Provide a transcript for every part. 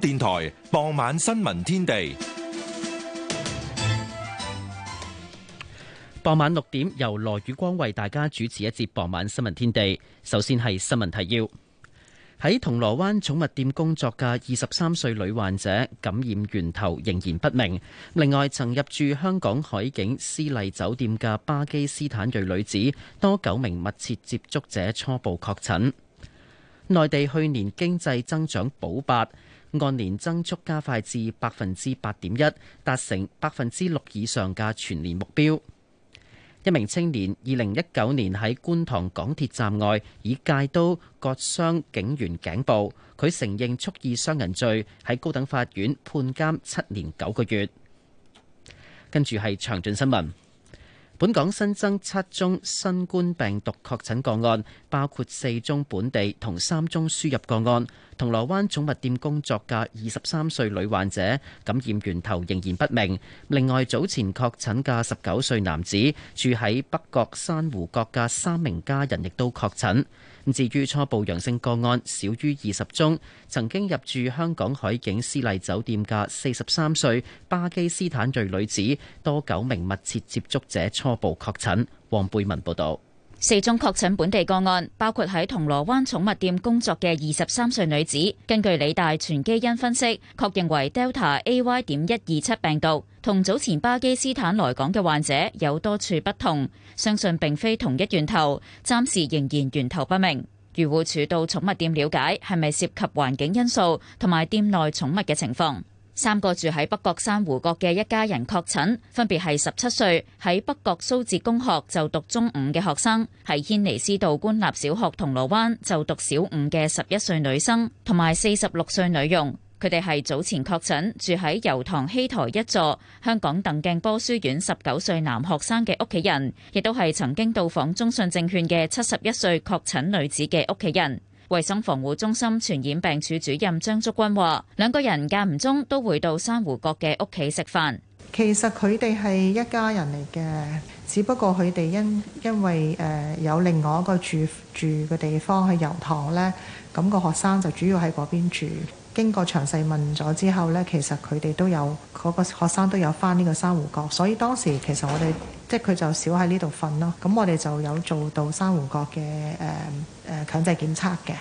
電台傍晚新聞天地，傍晚六點由羅宇光為大家主持一節傍晚新聞天地。首先係新聞提要：喺銅鑼灣寵物店工作嘅二十三歲女患者感染源頭仍然不明。另外，曾入住香港海景絲麗酒店嘅巴基斯坦裔女子，多九名密切接觸者初步確診。內地去年經濟增長補八。按年增速加快至百分之八點一，達成百分之六以上嘅全年目標。一名青年二零一九年喺觀塘港鐵站外以戒刀割傷警員頸部，佢承認蓄意傷人罪，喺高等法院判監七年九個月。跟住係詳盡新聞。本港新增七宗新冠病毒確診個案，包括四宗本地同三宗輸入個案。銅鑼灣寵物店工作嘅二十三歲女患者感染源頭仍然不明。另外，早前確診嘅十九歲男子住喺北角珊瑚閣嘅三名家人亦都確診。至於初步陽性個案少於二十宗，曾經入住香港海景絲麗酒店嘅四十三歲巴基斯坦裔女子，多九名密切接觸者初步確診。黃貝文報導，四宗確診本地個案，包括喺銅鑼灣寵物店工作嘅二十三歲女子，根據理大全基因分析，確認為 Delta AY 點一二七病毒。同早前巴基斯坦來港嘅患者有多處不同，相信並非同一源頭，暫時仍然源頭不明。漁護署到寵物店了解係咪涉及環境因素同埋店內寵物嘅情況。三個住喺北角珊瑚角嘅一家人確診，分別係十七歲喺北角蘇浙公學就讀中五嘅學生，係軒尼詩道官立小學銅鑼灣就讀小五嘅十一歲女生，同埋四十六歲女傭。佢哋係早前確診住喺油塘希台一座香港鄧鏡波書院十九歲男學生嘅屋企人，亦都係曾經到訪中信證券嘅七十一歲確診女子嘅屋企人。衛生防護中心傳染病處主任張竹君話，兩個人間唔中都會到珊瑚閣嘅屋企食飯。其實，佢哋係一家人嚟嘅，只不過，佢哋因因為誒有另外一個住住嘅地方去油塘咧，咁個學生就主要喺嗰邊住。經過詳細問咗之後呢，其實佢哋都有嗰、嗰個學生都有返呢個珊瑚角，所以當時其實我哋即係佢就少喺呢度瞓咯。咁我哋就有做到珊瑚角嘅誒誒強制檢測嘅。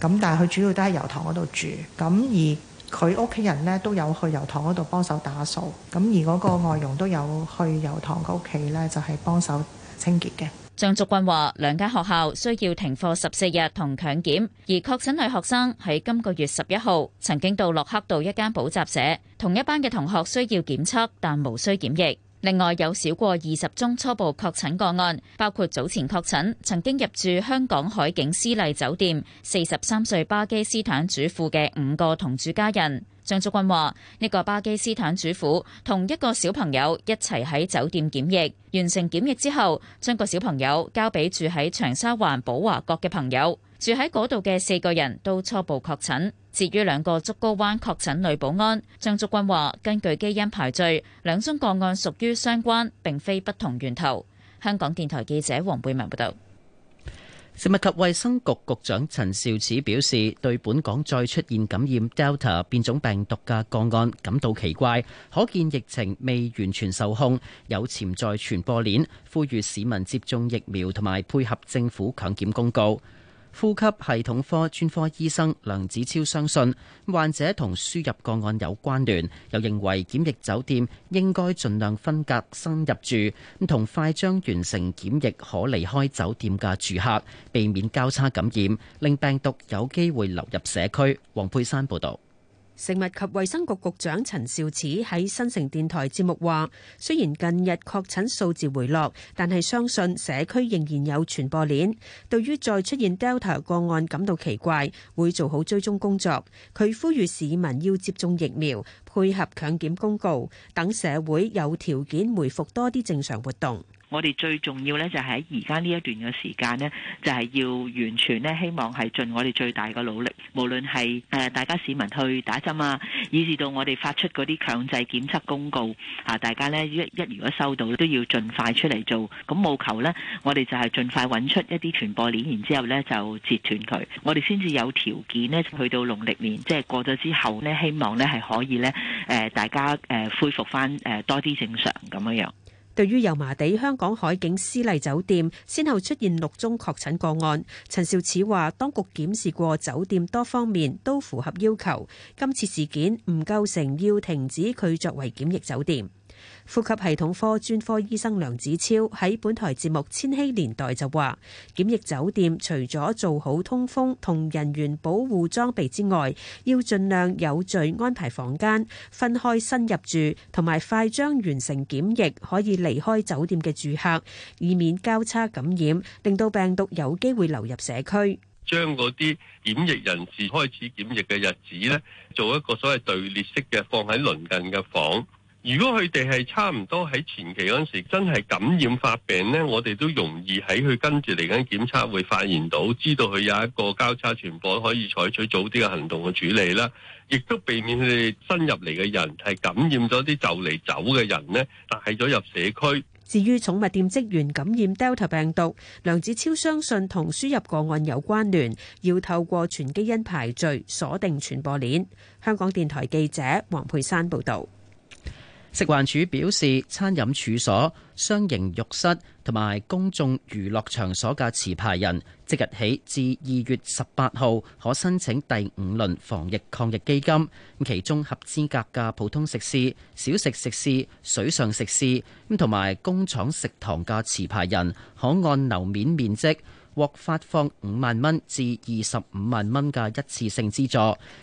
咁但係佢主要都喺油塘嗰度住。咁而佢屋企人呢，都有去油塘嗰度幫手打掃。咁而嗰個外傭都有去油塘個屋企呢，就係、係、幫手清潔嘅。張竹君話：兩間學校需要停課十四日同強檢，而確診女學生喺今個月十一號曾經到洛克道一間補習社，同一班嘅同學需要檢測，但無需檢疫。另外有少過二十宗初步確診個案，包括早前確診曾經入住香港海景絲麗酒店四十三歲巴基斯坦主婦嘅五個同住家人。張竹君話：呢個巴基斯坦主婦同一個小朋友一齊喺酒店檢疫，完成檢疫之後，將個小朋友交俾住喺長沙灣寶華閣嘅朋友。住喺嗰度嘅四個人都初步確診。至於兩個竹篙灣確診女保安，張竹君話，根據基因排序，兩宗個案屬於相關，並非不同源頭。香港電台記者黃貝文報道。食物及衛生局局長陳肇始表示，對本港再出現感染 Delta 變種病毒嘅個案感到奇怪，可見疫情未完全受控，有潛在傳播鏈，呼籲市民接種疫苗同埋配合政府強檢公告。呼吸系統科專科醫生梁子超相信患者同輸入個案有關聯，又認為檢疫酒店應該盡量分隔新入住，咁同快將完成檢疫可離開酒店嘅住客，避免交叉感染，令病毒有機會流入社區，黃佩珊報道。食物及衛生局局長陳肇始喺新城電台節目話：雖然近日確診數字回落，但係相信社區仍然有傳播鏈。對於再出現 Delta 個案感到奇怪，會做好追蹤工作。佢呼籲市民要接種疫苗，配合強檢公告，等社會有條件回復多啲正常活動。我哋最重要呢，就係喺而家呢一段嘅時間呢，就係要完全呢，希望係盡我哋最大嘅努力，無論係誒大家市民去打針啊，以至到我哋發出嗰啲強制檢測公告嚇，大家呢，一一如果收到都要盡快出嚟做。咁務求呢，我哋就係盡快揾出一啲傳播鏈，然之後呢，就截斷佢。我哋先至有條件呢，去到農曆年，即係過咗之後呢，希望呢，係可以呢，誒大家誒恢復翻誒多啲正常咁樣樣。對於油麻地香港海景絲麗酒店，先後出現六宗確診個案，陳肇始話：當局檢視過酒店多方面都符合要求，今次事件唔構成要停止佢作為檢疫酒店。呼吸系統科專科醫生梁子超喺本台節目《千禧年代》就話，檢疫酒店除咗做好通風同人員保護裝備之外，要盡量有序安排房間分開新入住同埋快將完成檢疫可以離開酒店嘅住客，以免交叉感染，令到病毒有機會流入社區，將嗰啲檢疫人士開始檢疫嘅日子咧，做一個所謂隊列式嘅放喺鄰近嘅房。如果佢哋係差唔多喺前期嗰陣時，真係感染發病咧，我哋都容易喺佢跟住嚟緊檢測會發現到，知道佢有一個交叉傳播，可以採取早啲嘅行動嘅處理啦，亦都避免佢哋新入嚟嘅人係感染咗啲就嚟走嘅人咧，帶咗入社區。至於寵物店職員感染 Delta 病毒，梁子超相信同輸入個案有關聯，要透過全基因排序鎖定傳播鏈。香港電台記者黃佩珊報道。食環署表示，餐飲處所、商營浴室同埋公眾娛樂場所嘅持牌人，即日起至二月十八號可申請第五輪防疫抗疫基金。其中合資格嘅普通食肆、小食食肆、水上食肆同埋工廠食堂嘅持牌人，可按樓面面積，獲發放五萬蚊至二十五萬蚊嘅一次性資助，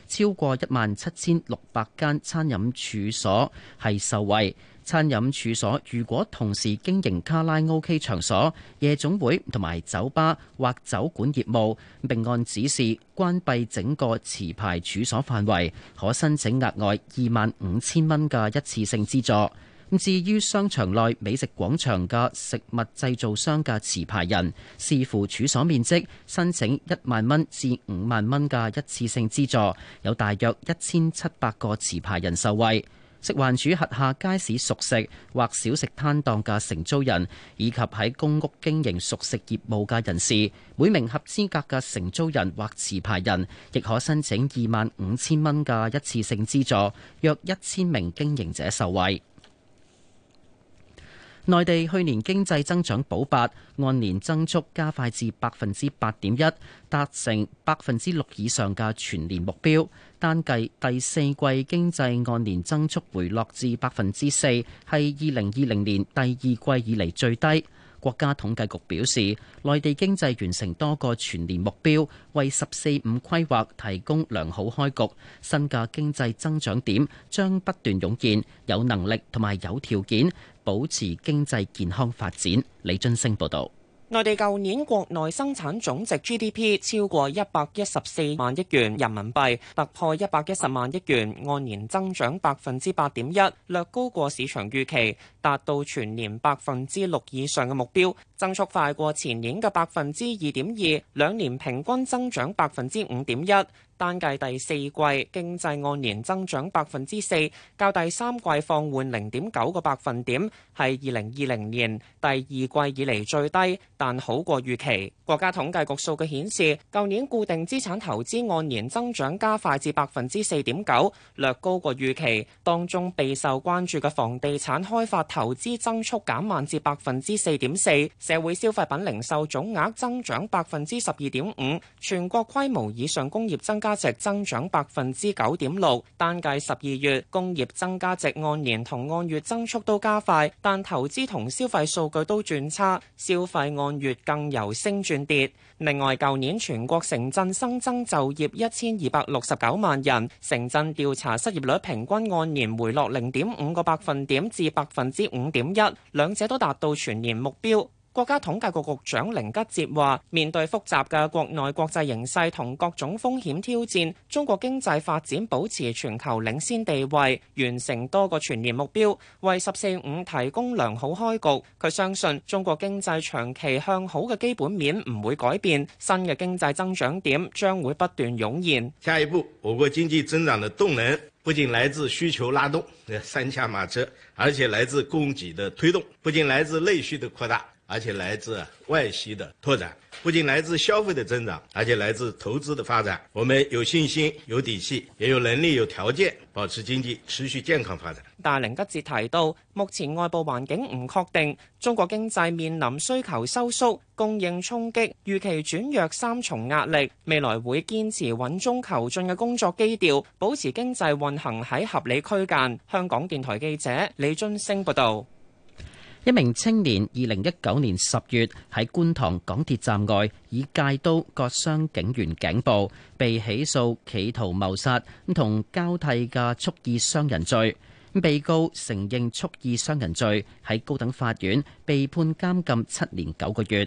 超過一萬七千六百間餐飲處所係受惠。餐飲處所如果同時經營卡拉 OK 場所、夜總會同埋酒吧或酒館業務，並按指示關閉整個持牌處所範圍，可申請額外二萬五千蚊嘅一次性資助。至於商場內美食廣場嘅食物製造商嘅持牌人，視乎處所面積，申請一萬蚊至五萬蚊嘅一次性資助，有大約一千七百個持牌人受惠。食環署轄下街市熟食或小食攤檔嘅承租人，以及喺公屋經營熟食業務嘅人士，每名合資格嘅承租人或持牌人，亦可申請二萬五千蚊嘅一次性資助，約一千名經營者受惠。內地去年經濟增長保八，按年增速加快至百分之八點一，達成百分之六以上嘅全年目標。單計第四季經濟按年增速回落至百分之四，係二零二零年第二季以嚟最低。國家統計局表示，內地經濟完成多個全年目標，為十四五規劃提供良好開局。新嘅經濟增長點將不斷湧現，有能力同埋有條件。保持經濟健康發展。李俊升報導，內地舊年國內生產總值 GDP 超過一百一十四萬億元人民幣，突破一百一十萬億元，按年增長百分之八點一，略高過市場預期，達到全年百分之六以上嘅目標，增速快過前年嘅百分之二點二，兩年平均增長百分之五點一。單計第四季經濟按年增長百分之四，較第三季放緩零點九個百分點，係二零二零年第二季以嚟最低，但好過預期。國家統計局數據顯示，舊年固定資產投資按年增長加快至百分之四點九，略高過預期。當中備受關注嘅房地產開發投資增速減慢至百分之四點四，社會消費品零售總額增長百分之十二點五，全國規模以上工業增加值增長百分之九點六，單計十二月工業增加值按年同按月增速都加快，但投資同消費數據都轉差，消費按月更由升轉跌。另外，舊年全國城鎮新增就業一千二百六十九萬人，城鎮調查失業率平均按年回落零點五個百分點至百分之五點一，兩者都達到全年目標。國家統計局局長寧吉喆話：面對複雜嘅國內國際形勢同各種風險挑戰，中國經濟發展保持全球領先地位，完成多個全年目標，為十四五提供良好開局。佢相信中國經濟長期向好嘅基本面唔會改變，新嘅經濟增長點將會不斷湧現。下一步，我國經濟增長嘅動能不僅來自需求拉動，三駕馬車，而且來自供給的推動，不僅來自內需的擴大。而且來自外需的拓展，不僅來自消費的增長，而且來自投資的發展。我們有信心、有底氣，也有能力、有條件保持經濟持續健康發展。寧吉喆提到，目前外部環境唔確定，中國經濟面臨需求收縮供應衝擊預期轉弱三重壓力，未來會堅持穩中求進嘅工作基調，保持經濟運行喺合理區間。香港電台記者李津升報道。一名青年，二零一九年十月喺觀塘港鐵站外以戒刀割傷警員頸部，被起訴企圖謀殺，同交替嘅蓄意傷人罪。被告承認蓄意傷人罪，喺高等法院被判監禁七年九個月。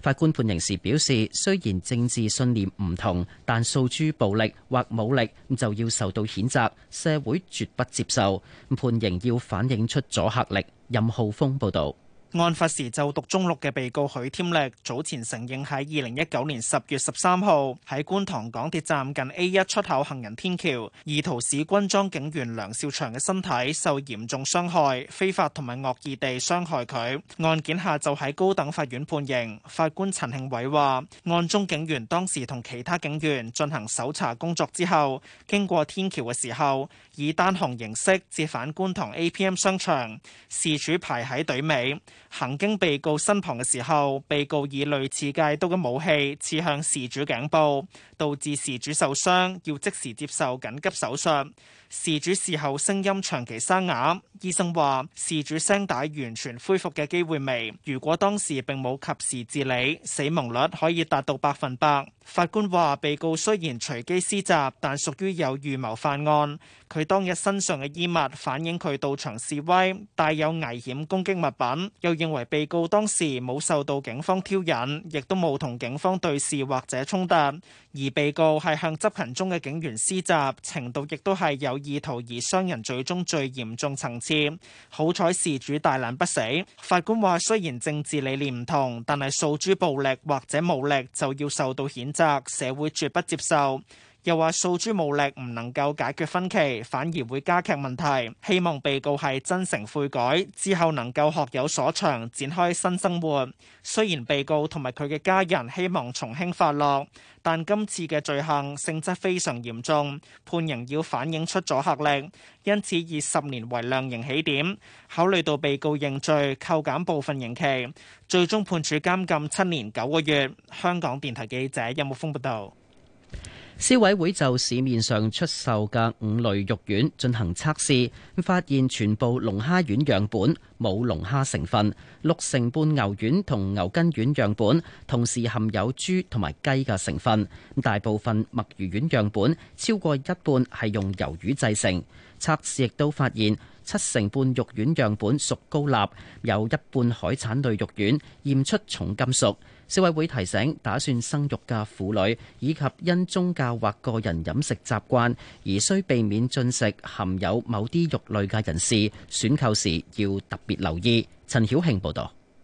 法官判刑時表示，雖然政治信念唔同，但訴諸暴力或武力就要受到譴責，社會絕不接受，判刑要反映出阻吓力。任浩峰報道。案發時就讀中六嘅被告許添力早前承認喺二零一九年十月十三號喺觀塘港鐵站近 A 一出口行人天橋，意圖使軍裝警員梁少祥嘅身體受嚴重傷害，非法同埋惡意地傷害佢。案件下晝喺高等法院判刑，法官陳慶偉話，案中警員當時同其他警員進行搜查工作之後，經過天橋嘅時候以單行形式折返觀塘 A P M 商場，事主排喺隊尾。行經被告身旁嘅時候，被告以類似界刀嘅武器刺向事主頸部，導致事主受傷，要即時接受緊急手術。事主事後聲音長期沙啞，醫生話事主聲帶完全恢復嘅機會微，如果當時並冇及時治理，死亡率可以達到百分百。法官話被告雖然隨機施襲，但屬於有預謀犯案。佢當日身上嘅衣物反映佢到場示威，帶有危險攻擊物品。又認為被告當時冇受到警方挑釁，亦都冇同警方對峙或者衝突。而被告係向執行中嘅警員施襲，程度亦都係有意圖而傷人，罪中最嚴重層次。好彩事主大難不死。法官話：雖然政治理念唔同，但係訴諸暴力或者武力就要受到譴責，社會絕不接受。又話訴諸武力唔能夠解決分歧，反而會加劇問題。希望被告係真誠悔改之後，能夠學有所長，展開新生活。雖然被告同埋佢嘅家人希望從輕發落，但今次嘅罪行性質非常嚴重，判刑要反映出阻嚇力，因此以十年為量刑起點。考慮到被告認罪扣減部分刑期，最終判處監禁七年九個月。香港電台記者任木峯報導。消委會就市面上出售嘅五類肉丸進行測試，發現全部龍蝦丸樣本冇龍蝦成分，六成半牛丸同牛筋丸樣本同時含有豬同埋雞嘅成分，大部分墨魚丸樣本超過一半係用魷魚製成。測試亦都發現。七成半肉丸樣本屬高鈉，有一半海產類肉丸驗出重金屬，消委會提醒，打算生育嘅婦女，以及因宗教或個人飲食習慣而需避免進食含有某啲肉類嘅人士，選購時要特別留意。陳曉慶報道。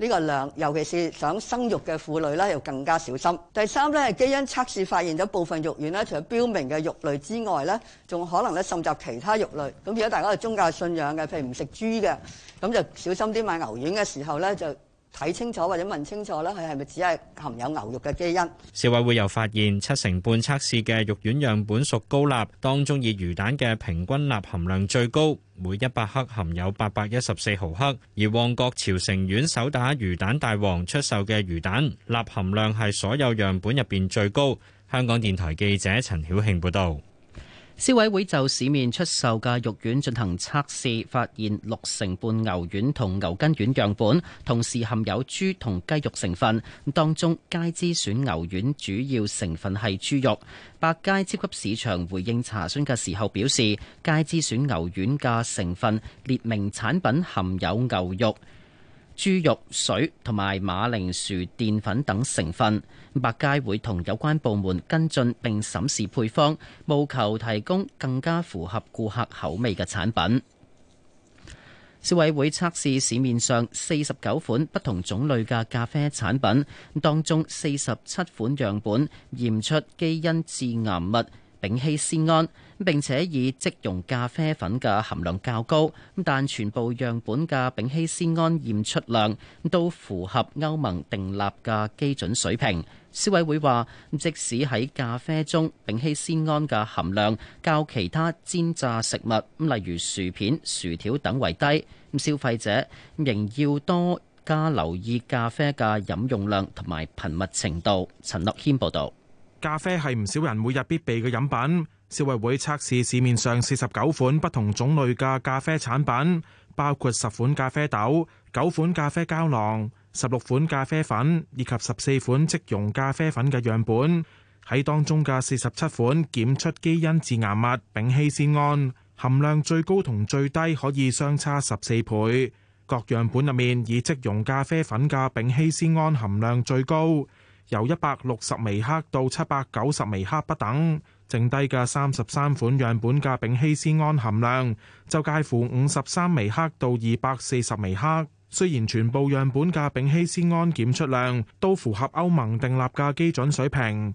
呢個量，尤其是想生育嘅婦女咧，要更加小心。第三咧係基因測試發現咗部分肉丸咧，除咗標明嘅肉類之外咧，仲可能咧滲雜其他肉類。咁如果大家係宗教信仰嘅，譬如唔食豬嘅，咁就小心啲買牛丸嘅時候咧就，睇清楚或者問清楚啦，佢係咪只係含有牛肉嘅基因？消委會又發現七成半測試嘅肉丸樣本屬高鈉，當中以魚蛋嘅平均鈉含量最高，每一百克含有八百一十四毫克。而旺角潮城苑手打魚蛋大王出售嘅魚蛋鈉含量係所有樣本入邊最高。香港電台記者陳曉慶報導。消委會，會就市面出售嘅肉丸進行測試，發現六成半牛丸同牛筋丸樣本，同時含有豬同雞肉成分，當中佳之選牛丸主要成分係豬肉。百佳超級市場回應查詢嘅時候表示，佳之選牛丸嘅成分列明產品含有牛肉、豬肉、水同埋馬鈴薯澱粉等成分，百佳會同有關部門跟進並審視配方，務求提供更加符合顧客口味嘅產品。消委會測試市面上四十九款不同種類嘅咖啡產品，當中四十七款樣本，驗出基因致癌物丙烯酰胺，並且以即溶咖啡粉嘅含量較高，但全部樣本嘅丙烯酰胺驗出量都符合歐盟訂立嘅基準水平。消委會話，即使喺咖啡中丙烯酰胺嘅含量較其他煎炸食物，例如薯片、薯條等為低，消費者仍要多加留意咖啡嘅飲用量同埋頻密程度。陳樂軒報道。咖啡係唔少人每日必備嘅飲品。消委會測試市面上四十九款不同種類嘅咖啡產品，包括十款咖啡豆、九款咖啡膠囊、十六款咖啡粉以及十四款即溶咖啡粉嘅樣本。喺當中嘅四十七款檢出基因致癌物丙烯酰胺，含量最高同最低可以相差十四倍。各樣本入面以即溶咖啡粉嘅丙烯酰胺含量最高。由一百六十微克到七百九十微克不等，剩低嘅三十三款樣本嘅丙烯酰胺含量就介乎五十三微克到二百四十微克，雖然全部樣本嘅丙烯酰胺檢出量都符合歐盟訂立嘅基準水平。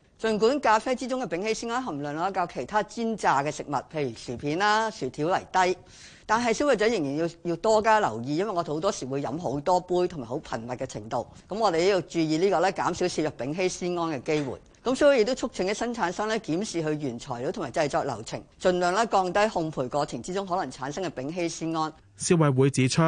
儘管咖啡之中嘅丙烯酰胺含量較其他煎炸嘅食物，譬如薯片啦、薯條嚟低，但係消費者仍然要要多加留意，因為我哋好多時會飲好多杯，同埋好頻密嘅程度。咁我哋要注意呢個咧，減少攝入丙烯酰胺嘅機會。咁所以亦都促請啲生產商咧檢視佢原材料同埋製作流程，儘量咧降低烘焙過程之中可能產生嘅丙烯酰胺。消委會指出。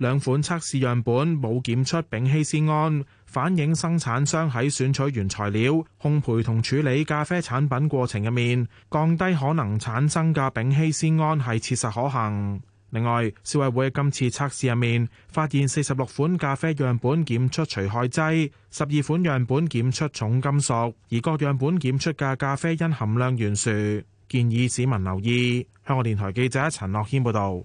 兩款測試樣本冇檢出丙烯酰胺，反映生產商喺選取原材料、烘焙同處理咖啡產品過程入面，降低可能產生嘅丙烯酰胺係切實可行。另外，消委會今次測試入面，發現四十六款咖啡樣本檢出除害劑，十二款樣本檢出重金屬，而各樣本檢出嘅咖啡因含量懸殊，建議市民留意。香港電台記者陳樂軒報導。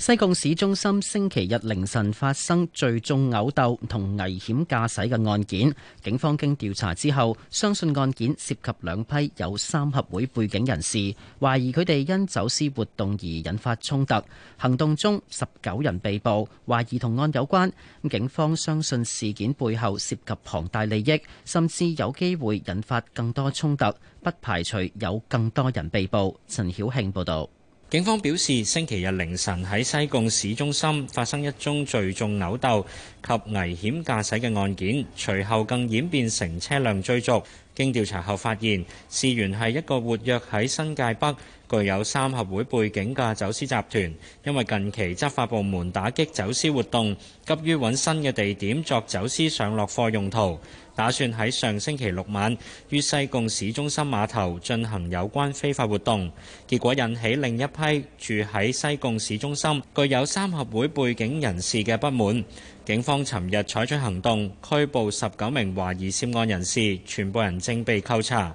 西貢市中心星期日凌晨發生聚眾毆鬥同危險駕駛嘅案件，警方經調查之後，相信案件涉及兩批有三合會背景人士，懷疑佢哋因走私活動而引發衝突。行動中十九人被捕，懷疑同案有關。警方相信事件背後涉及龐大利益，甚至有機會引發更多衝突，不排除有更多人被捕。陳曉慶報道。警方表示，星期日凌晨喺西貢市中心發生一宗聚眾扭鬥及危險駕駛嘅案件，隨後更演變成車輛追逐。經調查後發現，事源係一個活躍喺新界北、具有三合會背景嘅走私集團，因為近期執法部門打擊走私活動，急於揾新嘅地點作走私上落貨用途。打算喺上星期六晚於西貢市中心碼頭進行有關非法活動，結果引起另一批住喺西貢市中心、具有三合會背景人士嘅不滿。警方尋日採取行動，拘捕十九名懷疑涉案人士，全部人正被扣查。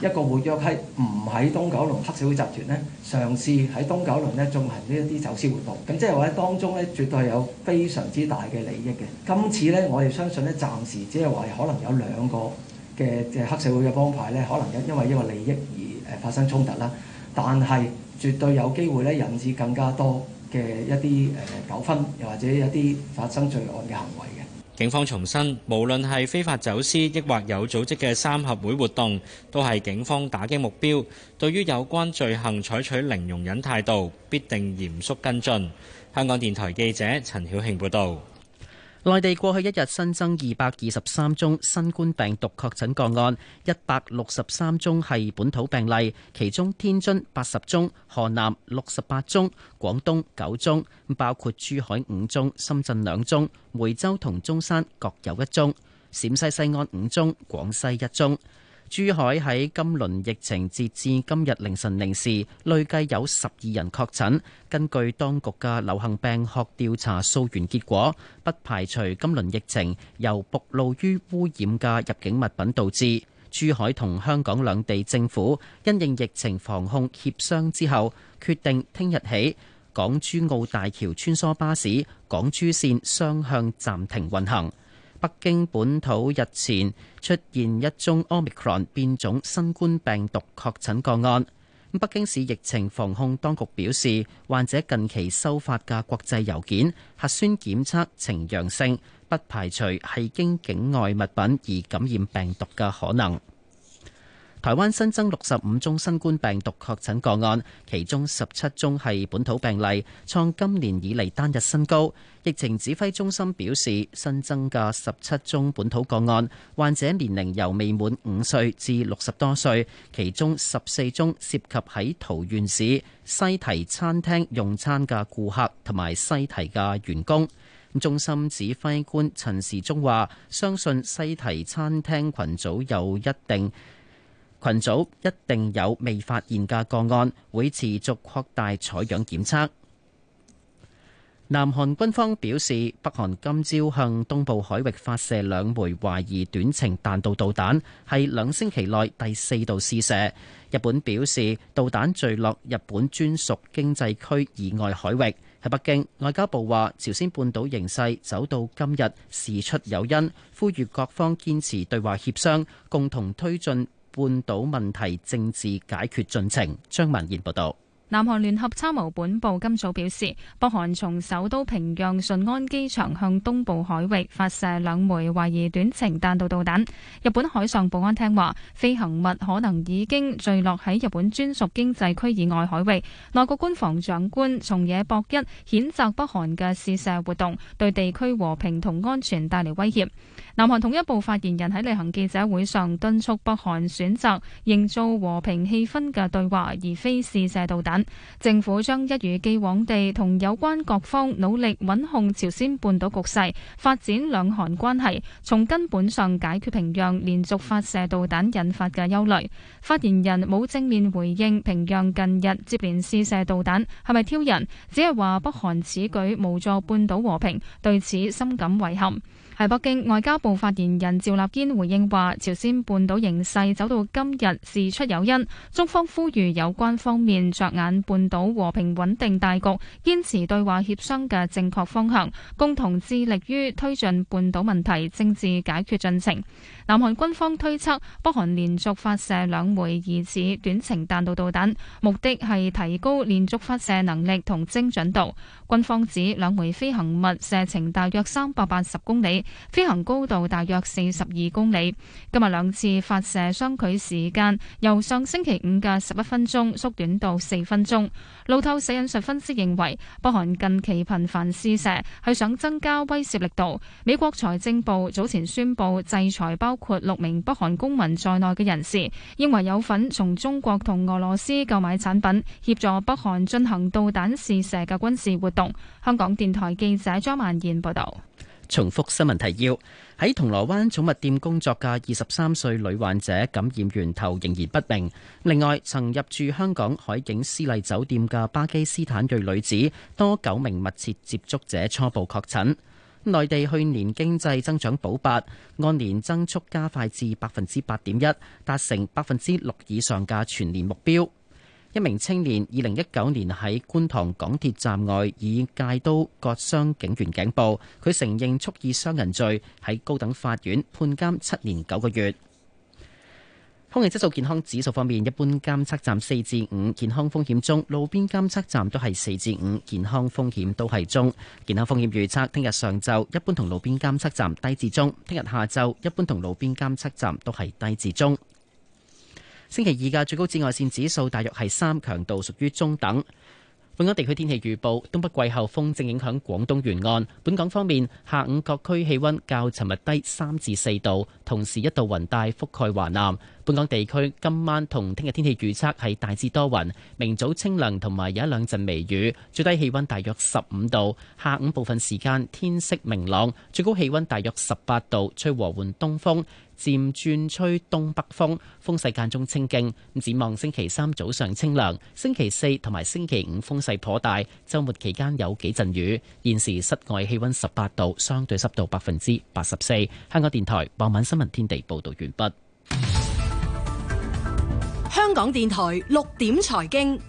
一個活躍係唔喺東九龍黑社會集團呢，嘗試喺東九龍呢進行呢一啲走私活動，咁即係話當中呢絕對係有非常之大嘅利益嘅。今次呢，我哋相信呢，暫時即係話可能有兩個嘅嘅黑社會嘅幫派呢，可能因因為一個利益而誒發生衝突啦。但係絕對有機會呢，引致更加多嘅一啲誒、呃、糾紛，又或者一啲發生罪案嘅行為。警方重申，無論係非法走私，抑或有組織嘅三合會活動，都係警方打擊目標。對於有關罪行，採取零容忍態度，必定嚴肅跟進。香港電台記者陳曉慶報導。內地過去一日新增二百二十三宗新冠病毒確診個案，一百六十三宗係本土病例，其中天津八十宗，河南六十八宗，廣東九宗，包括珠海五宗、深圳兩宗、梅州同中山各有一宗，陝西西安五宗，廣西一宗。珠海喺今輪疫情截至今日凌晨零時，累計有十二人確診，根據當局嘅流行病學調查溯源結果，不排除今輪疫情由暴露於污染嘅入境物品導致。珠海同香港兩地政府因應疫情防控協商之後，決定聽日起港珠澳大橋穿梭巴士，港珠綫雙向暫停運行。北京本土日前出現一宗 Omicron 變種新冠病毒確診個案。北京市疫情防控當局表示，患者近期收發嘅國際郵件核酸檢測呈陽性，不排除係經境外物品而感染病毒嘅可能。台灣新增六十五宗新冠病毒確診個案，其中十七宗係本土病例，創今年以嚟單日新高。疫情指揮中心表示，新增嘅十七宗本土個案，患者年齡由未滿五歲至六十多歲，其中十四宗涉及喺桃園市西堤餐廳用餐嘅顧客同埋西堤嘅員工。咁中心指揮官陳時中話：相信西堤餐廳群組有一定。群組一定有未發現嘅個案，會持續擴大採樣檢測。南韓軍方表示，北韓今朝向東部海域發射兩枚懷疑短程彈道導彈，係兩星期內第四度試射。日本表示，導彈墜落日本專屬經濟區以外海域。喺北京，外交部話朝鮮半島形勢走到今日，事出有因，呼籲各方堅持對話協商，共同推進。半島問題政治解決進程，張文賢報道，南韓聯合參謀本部今早表示，北韓從首都平壤順安機場向東部海域發射兩枚懷疑短程彈道導彈。日本海上保安廳話，飛行物可能已經墜落喺日本專屬經濟區以外海域。內閣官房長官松野博一譴責北韓嘅試射活動對地區和平同安全帶嚟威脅。南韓統一部發言人喺例行記者會上敦促北韓選擇營造和平氣氛嘅對話，而非試射導彈。政府將一如既往地同有關各方努力穩控朝鮮半島局勢，發展兩韓關係，從根本上解決平壤連續發射導彈引發嘅憂慮。發言人冇正面回應平壤近日接連試射導彈係咪挑釁，只係話北韓此舉無助半島和平，對此深感遺憾。喺北京外交部發言人趙立堅回應話，朝鮮半島形勢走到今日，事出有因。中方呼籲有關方面着眼半島和平穩定大局，堅持對話協商嘅正確方向，共同致力於推進半島問題政治解決進程。南韓軍方推測，北韓連續發射兩枚疑似短程彈道導彈，目的係提高連續發射能力同精準度。軍方指兩枚飛行物射程大約三百八十公里。飛行高度大約四十二公里。今日兩次發射相距時間由上星期五嘅十一分鐘縮短到四分鐘。路透社引述分析認為，北韓近期頻繁試射係想增加威懾力度。美國財政部早前宣布制裁包括六名北韓公民在內嘅人士，認為有份從中國同俄羅斯購買產品，協助北韓進行導彈試射嘅軍事活動。香港電台記者張曼燕報導。重複新聞提要：喺銅鑼灣寵物店工作嘅二十三歲女患者感染源頭仍然不明。另外，曾入住香港海景絲麗酒店嘅巴基斯坦裔女子，多九名密切接觸者初步確診。內地去年經濟增長保八，按年增速加快至百分之八點一，達成百分之六以上嘅全年目標。一名青年，二零一九年喺觀塘港鐵站外以戒刀割傷警員頸部，佢承認蓄意傷人罪，喺高等法院判監七年九個月。空氣質素健康指數方面，一般監測站四至五健康風險中，路邊監測站都係四至五健康風險都係中。健康風險預測：聽日上晝一般同路邊監測站低至中，聽日下晝一般同路邊監測站都係低至中。星期二嘅最高紫外線指數大約係三，強度屬於中等。本港地區天氣預報，東北季候風正影響廣東沿岸。本港方面，下午各區氣溫較尋日低三至四度，同時一道雲帶覆蓋華南。本港地區今晚同聽日天氣預測係大致多雲，明早清涼，同埋有一兩陣微雨，最低氣溫大約十五度。下午部分時間天色明朗，最高氣溫大約十八度，吹和緩東風，漸轉吹東北風，風勢間中清勁，展望星期三早上清涼，星期四同埋星期五風勢頗大，週末期間有幾陣雨。現時室外氣溫十八度，相對濕度百分之八十四。香港電台傍晚新聞天地報道完畢。香港電台六點財經。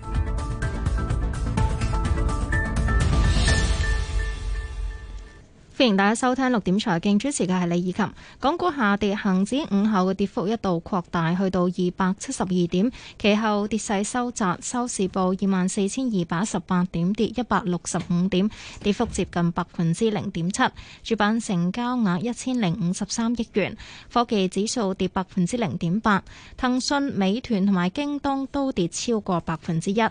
歡迎大家收聽六點財經，主持嘅係李以琴。港股下跌，恒指午後嘅跌幅一度擴大，去到二百七十二點，其後跌勢收窄，收市報二萬四千二百十八點，跌一百六十五點，跌幅接近百分之零點七。主板成交額一千零五十三億元，科技指數跌百分之零點八，騰訊、美團同埋京東都跌超過百分之一。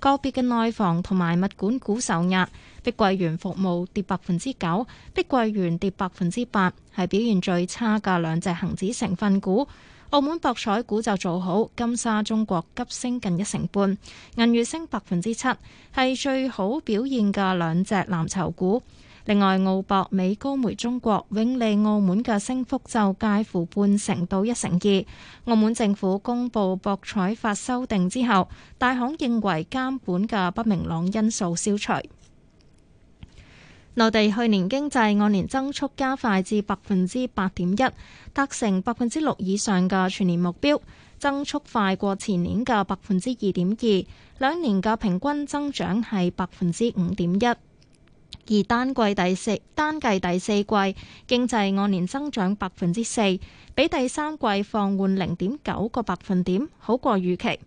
個別嘅內房同埋物管股受壓，碧桂園服務跌百分之九，碧桂園跌百分之八，係表現最差嘅兩隻恒指成分股。澳門博彩股就做好，金沙中國急升近一成半，銀娛升百分之七，係最好表現嘅兩隻藍籌股。另外，澳博、美高梅、中國永利、澳門嘅升幅就介乎半成到一成二。澳門政府公布博彩法修訂之後，大行認為監管嘅不明朗因素消除。內地去年經濟按年增速加快至百分之八點一，達成百分之六以上嘅全年目標，增速快過前年嘅百分之二點二，兩年嘅平均增長係百分之五點一。而單季第四單季第四季經濟按年增長百分之四，比第三季放緩零點九個百分點，好過預期。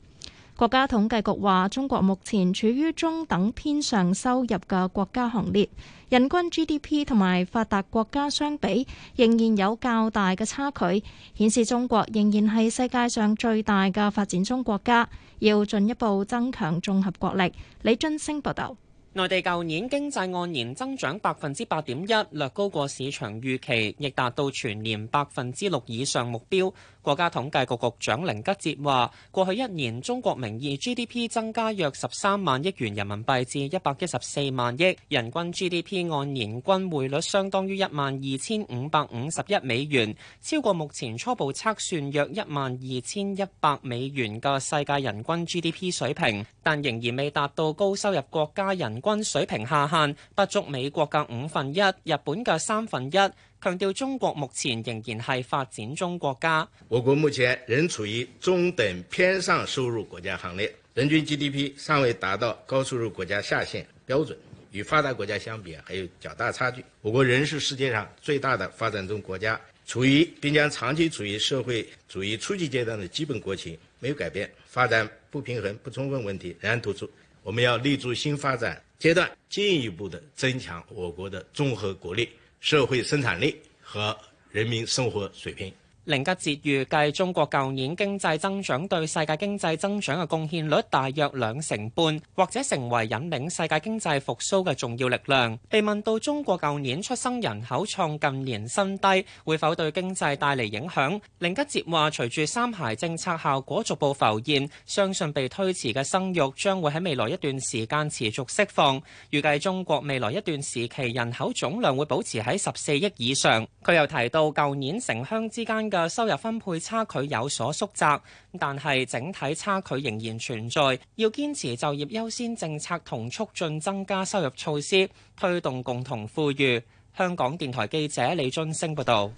國家統計局話，中國目前處於中等偏上收入嘅國家行列，人均 GDP 同埋發達國家相比，仍然有較大嘅差距，顯示中國仍然係世界上最大嘅發展中國家，要進一步增強綜合國力。李津升報道。內地舊年經濟按年增長百分之八點一，略高過市場預期，亦達到全年百分之六以上目標。國家統計局局長寧吉喆話：過去一年，中國名義 GDP 增加約十三萬億元人民幣，至一百一十四萬億，人均 GDP 按年均匯率相當於一萬二千五百五十一美元，超過目前初步測算約一萬二千一百美元嘅世界人均 GDP 水平，但仍然未達到高收入國家人均水平下限，不足美國嘅五分一，日本嘅三分一。強調中國目前仍然係發展中國家，我國目前仍處於中等偏上收入國家行列，人均 GDP 尚未達到高收入國家下限標準，與發達國家相比啊，還有較大差距。我國仍是世界上最大的發展中國家，處於並將長期處於社會主義初級階段的基本國情沒有改變，發展不平衡不充分問題仍然突出。我們要立足新發展階段，進一步的增強我國的綜合國力。社會生產力和人民生活水平。林吉哲預計中國舊年經濟增長對世界經濟增長嘅貢獻率大約兩成半，或者成為引領世界經濟復甦嘅重要力量。被問到中國舊年出生人口創近年新低，會否對經濟帶嚟影響？林吉哲話：隨住三孩政策效果逐步浮現，相信被推遲嘅生育將會喺未來一段時間持續釋放。預計中國未來一段時期人口總量會保持喺十四億以上。佢又提到舊年城鄉之間嘅收入分配差距有所縮窄，但係整體差距仍然存在。要堅持就業優先政策同促進增加收入措施，推動共同富裕。香港電台記者李俊升報導。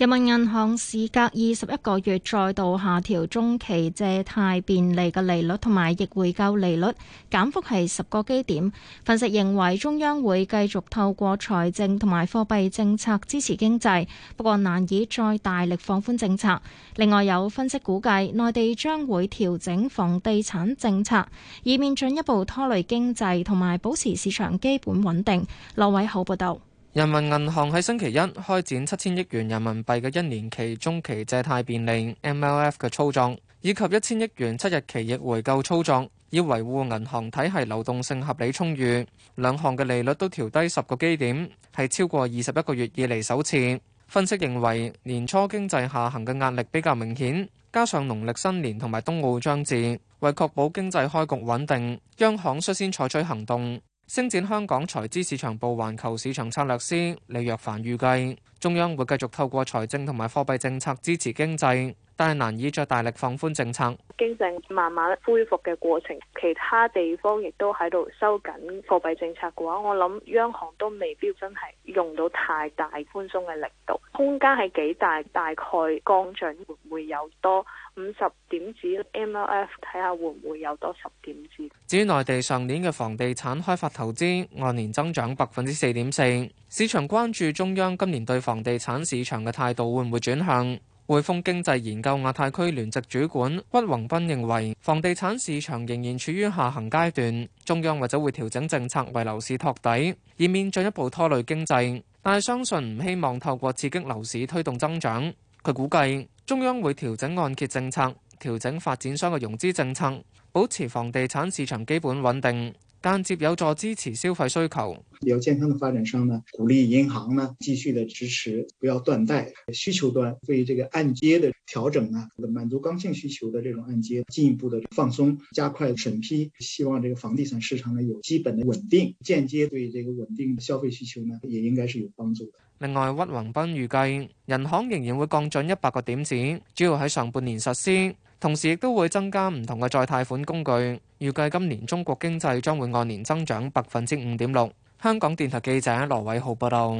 人民銀行時隔二十一個月再度下調中期借貸便利嘅利率同埋逆回購利率，減幅係十個基點，分析認為中央會繼續透過財政同埋貨幣政策支持經濟，不過難以再大力放寬政策。另外有分析估計內地將會調整房地產政策，以免進一步拖累經濟同埋保持市場基本穩定。羅偉浩報道。人民銀行喺星期一開展七千億元人民幣嘅一年期中期借貸便利 （MLF） 嘅操作，以及一千億元七日期逆回購操作，以維護銀行體系流動性合理充裕。兩項嘅利率都調低十個基點，係超過二十一個月以嚟首次。分析認為，年初經濟下行嘅壓力比較明顯，加上農曆新年同埋冬奧將至，為確保經濟開局穩定，央行率先採取行動。星展香港財資市場部環球市場策略師李若凡預計，中央會繼續透過財政同埋貨幣政策支持經濟。但係難以再大力放寬政策，經濟慢慢恢復嘅過程，其他地方亦都喺度收緊貨幣政策嘅話，我諗央行都未必真係用到太大寬鬆嘅力度，空間係幾大？大概降準會唔會有多五十點子 MLF？睇下會唔會有多十點子。至於內地上年嘅房地產開發投資按年增長百分之四點四，市場關注中央今年對房地產市場嘅態度會唔會轉向？匯豐經濟研究亞太區聯席主管屈宏斌認為，房地產市場仍然處於下行階段，中央或者會調整政策為樓市托底，以免進一步拖累經濟。但係相信唔希望透過刺激樓市推動增長。佢估計中央會調整按揭政策，調整發展商嘅融資政策，保持房地產市場基本穩定。間接有助支持消費需求。要健康嘅發展商呢，鼓勵銀行呢繼續的支持，不要斷貸。需求端對於這個按揭的調整啊，滿足剛性需求的這種按揭，進一步的放鬆，加快審批，希望這個房地產市場呢有基本的穩定，間接對於這個穩定的消費需求呢也應該是有幫助的。另外，屈宏斌預計人行仍然會降準一百個點子，主要喺上半年實施。同時亦都會增加唔同嘅再貸款工具。預計今年中國經濟將會按年增長百分之五點六。香港電台記者羅偉浩報道。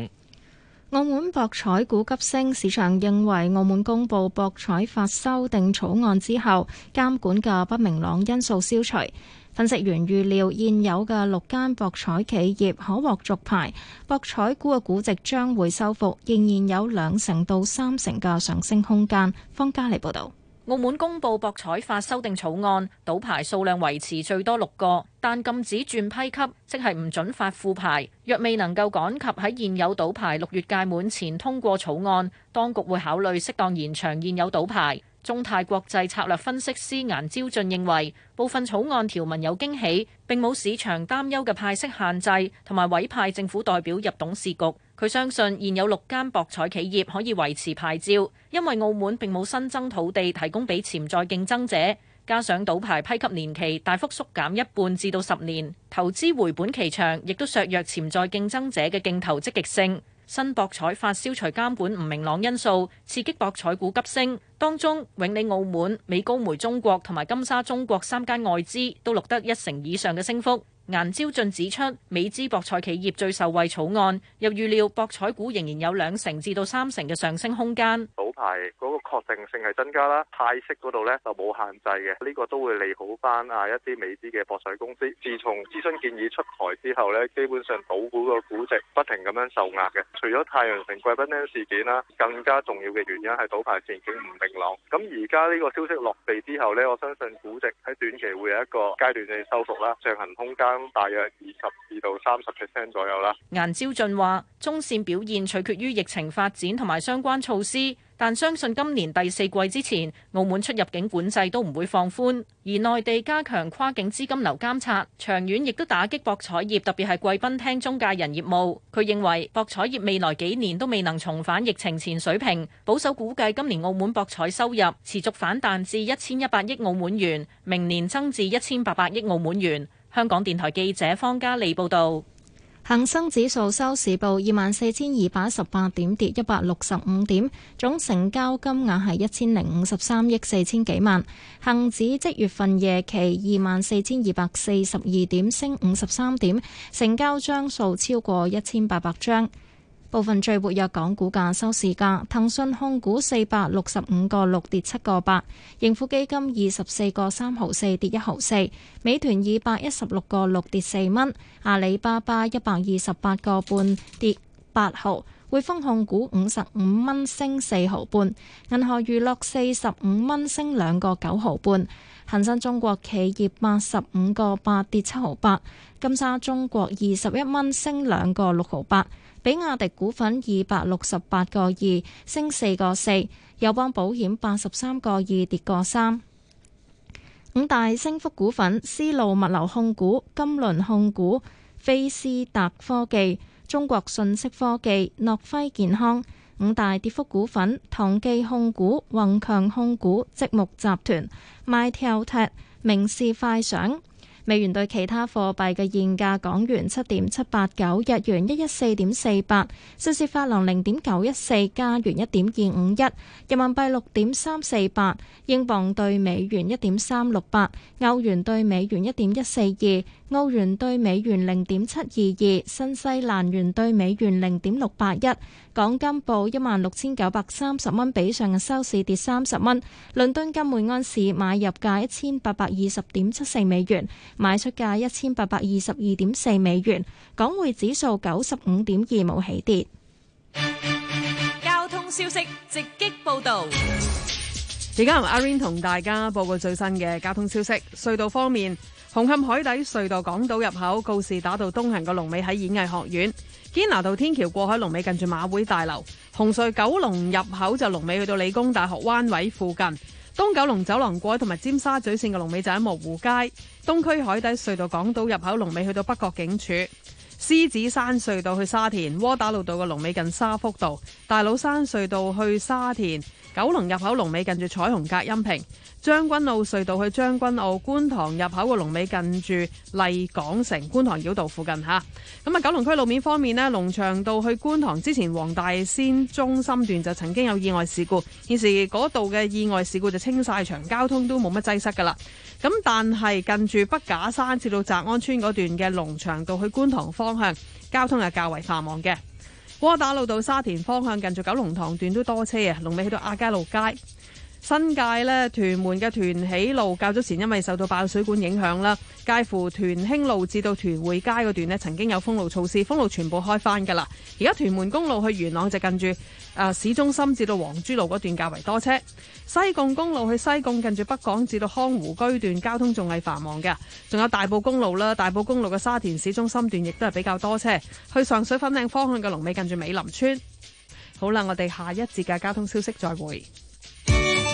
澳門博彩股急升，市場認為澳門公布博彩法修訂草案之後，監管嘅不明朗因素消除。分析員預料現有嘅六間博彩企業可獲續牌，博彩股嘅估值將會收復，仍然有兩成到三成嘅上升空間。方嘉莉報導。澳門公布博彩法修訂草案，賭牌數量維持最多六個，但禁止轉批級，即係唔准發副牌。若未能夠趕及喺現有賭牌六月屆滿前通過草案，當局會考慮適當延長現有賭牌。中泰國際策略分析師顏招駿認為，部分草案條文有驚喜，並冇市場擔憂嘅派息限制同埋委派政府代表入董事局。佢相信現有六間博彩企業可以維持牌照，因為澳門並冇新增土地提供俾潛在競爭者，加上賭牌批給年期大幅縮減一半至到十年，投資回本期長亦都削弱潛在競爭者嘅競投積極性。新博彩法消除監管唔明朗因素，刺激博彩股急升，當中永利澳門、美高梅中國同埋金沙中國三間外資都錄得一成以上嘅升幅。顏朝俊指出，美資博彩企業最受惠草案，又預料博彩股仍然有兩成至到三成嘅上升空間。賭牌嗰個確定性係增加啦，派息嗰度呢就冇限制嘅，呢、這個都會利好翻啊一啲美資嘅博彩公司。自從諮詢建議出台之後呢，基本上賭股個股值不停咁樣受壓嘅。除咗太陽城貴賓廳事件啦，更加重要嘅原因係賭牌前景唔明朗。咁而家呢個消息落地之後呢，我相信估值喺短期會有一個階段性收復啦，上行空間。大約二十二到三十 percent 左右啦。顏朝俊話，中線表現取決於疫情發展同埋相關措施，但相信今年第四季之前，澳門出入境管制都唔會放寬。而內地加強跨境資金流監察，長遠亦都打擊博彩業，特別係貴賓廳中介人業務。佢認為博彩業未來幾年都未能重返疫情前水平，保守估計今年澳門博彩收入持續反彈至一千一百億澳門元，明年增至一千八百億澳門元。香港電台記者方嘉莉報道，恒生指數收市報二萬四千二百十八點，跌一百六十五點，總成交金額係一千零五十三億四千幾萬。恒指即月份夜期二萬四千二百四十二點，升五十三點，成交張數超過一千八百張。部分最活躍港股價收市價：騰訊控股四百六十五個六跌七個八，盈富基金二十四個三毫四跌一毫四，美團二百一十六個六跌四蚊，阿里巴巴一百二十八個半跌八毫，匯豐控股五十五蚊升四毫半，銀河娛樂四十五蚊升兩個九毫半，恒生中國企業八十五個八跌七毫八，金沙中國二十一蚊升兩個六毫八。比亞迪股份二百六十八個二升四個四，友邦保險八十三個二跌個三。五大升幅股份：絲路物流控股、金輪控股、飛思達科技、中國信息科技、諾輝健康。五大跌幅股份：唐記控股、宏強控股、積木集團、MyToutech、名仕快想。美元兌其他貨幣嘅現價：港元七點七八九，日元一一四點四八，瑞士法郎零點九一四，加元一點二五一，人民幣六點三四八，英鎊對美元一點三六八，歐元對美元一點一四二，澳元對美元零點七二二，新西蘭元對美元零點六八一。港金報一萬六千九百三十蚊，比上日收市跌三十蚊。倫敦金每安士買入價一千八百二十點七四美元，賣出價一千八百二十二點四美元。港匯指數九十五點二，冇起跌。交通消息直擊報道，而家由阿 Rain 同大家報告最新嘅交通消息。隧道方面。紅磡海底隧道港島入口告士打道東行個龍尾喺演藝學院，堅拿道天橋過海龍尾近住馬會大樓，紅隧九龍入口就龍尾去到理工大學灣位附近，東九龍走廊過同埋尖沙咀線嘅龍尾就喺蕪湖街，東區海底隧道港島入口龍尾去到北角警署，獅子山隧道去沙田窩打老道嘅龍尾近沙福道，大老山隧道去沙田九龍入口龍尾近住彩虹隔音屏。將軍澳隧道去將軍澳觀塘入口嘅龍尾近住麗港城、觀塘繞道附近吓。咁啊，九龍區路面方面呢，龍翔道去觀塘之前，黃大仙中心段就曾經有意外事故，現時嗰度嘅意外事故就清晒場，交通都冇乜擠塞噶啦。咁但係近住北假山至到澤安村嗰段嘅龍翔道去觀塘方向，交通係較為繁忙嘅。窩打老道沙田方向近住九龍塘段都多車啊，龍尾去到亞皆老街。新界咧，屯門嘅屯喜路較早前因為受到爆水管影響啦，介乎屯興路至到屯匯街嗰段咧，曾經有封路措施，封路全部開翻噶啦。而家屯門公路去元朗就近住誒、呃、市中心至到黃珠路嗰段較為多車，西貢公路去西貢近住北港至到康湖居段交通仲係繁忙㗎，仲有大埔公路啦，大埔公路嘅沙田市中心段亦都係比較多車，去上水粉嶺方向嘅龍尾近住美林村。好啦，我哋下一節嘅交通消息再會。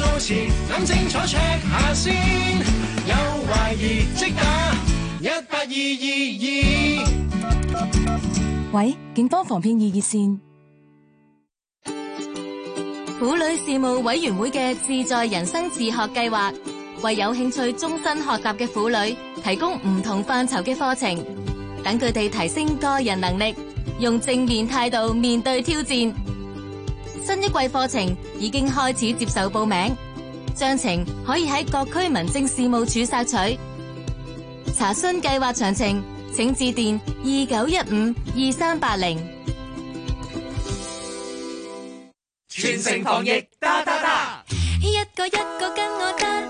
到時諗清楚 check 下先，有懷疑即打一八二二二。喂，警方防騙二熱線。婦女事務委員會嘅自在人生自學計劃，為有興趣終身學習嘅婦女提供唔同範疇嘅課程，等佢哋提升個人能力，用正面態度面對挑戰。新一季課程已經開始接受報名，詳情可以喺各區民政事務處索取。查詢計劃詳情，請致電二九一五二三八零。全城防疫，噠噠噠，一個一個跟我噠。